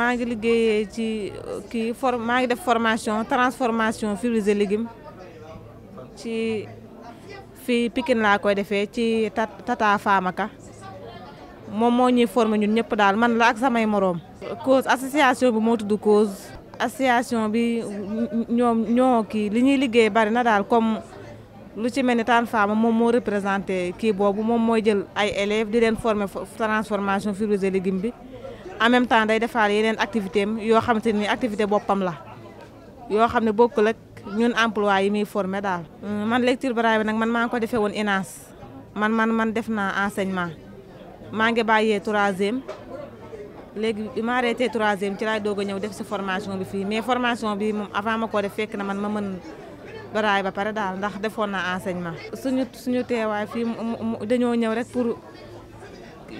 maa ngi liggéeyee ci euh, kii for maa ngi def formation transformation fruits et légumes ci fii pikin laa koy defee ci Tata Famaka moom moo ñuy former ñun ñëpp daal man la ak samay moroom. cause association bi moo tudd cause. association bi ñoom ñoo kii li ñuy liggéey bari na daal comme lu ci mel ni Tata Fama moom moo représenté kii boobu moom mooy jël ay élève di leen former transformation fruits et légumes bi. en même temps day defaale yeneen activité am yoo xamante ni activité boppam la yoo xam ne bokkul ak ñun emploi yi muy formé daal. Hmm, man lecture braille bi nag man maa ngi ko defee woon ENAS man man man def naa enseignement maa ngi bàyyee troisième léegi bi ma arrêté troisième ci laay doog a ñëw def si formation bi fii mais formation bi moom avant ma koo def fekk na man ma mën braille ba pare daal ndax defoon naa enseignement. suñu suñu teewaay fii dañoo ñëw rek pour.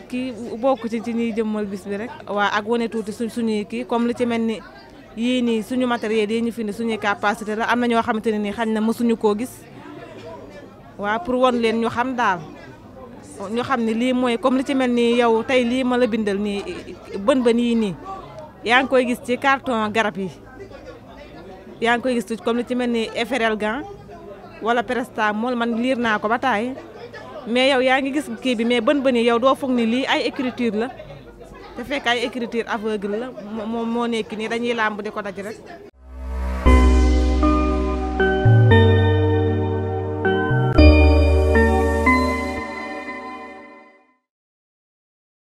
kii bokk ci ci ñuy jëmmal bis bi rek waa ak wone tuuti suñ suñuy kii comme li ci mel ni yii nii suñu matériel yi ñu fi ne suñuy capacité la am na ñoo xamante ne nii xañ na mësuñu koo gis waa pour won leen ñu xam daal ñu xam ne lii mooy comme li ci mel ni yow tey lii ma la bindal nii bën bën yii nii yaa ngi koy gis ci carton garab yi yaa ngi koy gis tuuti comme li ci mel ni gan wala Presta mool man liir naa ko ba taay mais yow yaa ngi gis kii bi mais bën bën yi yow doo foog ni lii ay écriture la te fekk ay écriture aveugle la moo moo nekki nii dañuy làmb di ko daj rek